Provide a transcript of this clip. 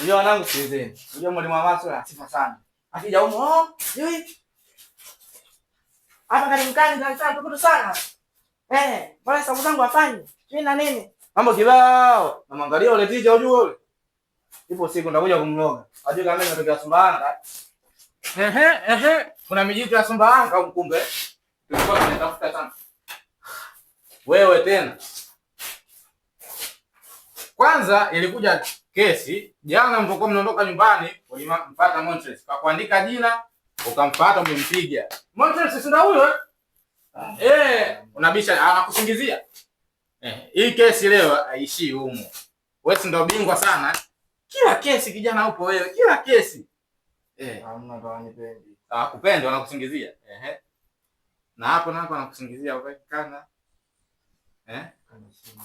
Unajua wanangu, sikilizeni. Unajua mwalimu wa maswala sifa sana. Akija huko, oh, yui. Hapa kani mkani za sana tukutu sana. Eh, mbona sababu zangu afanye? Mimi na nini? Mambo kibao. Na mwangalia ule tija unajua ule. Ipo siku ndakuja kumloga. Ajue kama mimi natokea Sumbawanga. Ehe, ehe. Kuna mijitu ya Sumbawanga mkumbe. Tulikuwa tunatafuta sana. Wewe tena. Kwanza ilikuja kesi jana mlipokuwa mnaondoka nyumbani, ulimfuata Montres kakuandika jina, ukamfuata umempiga Montres, si ndio huyo eh? Eh, Unabisha, anakusingizia eh. Hii kesi leo haishii humo. Wewe si ndio bingwa sana, kila kesi kijana upo wewe, kila kesi eh. Hamna kwa nipendi, ah, kupenda wanakusingizia ehe, na hapo na hapo anakusingizia wewe kana eh, kana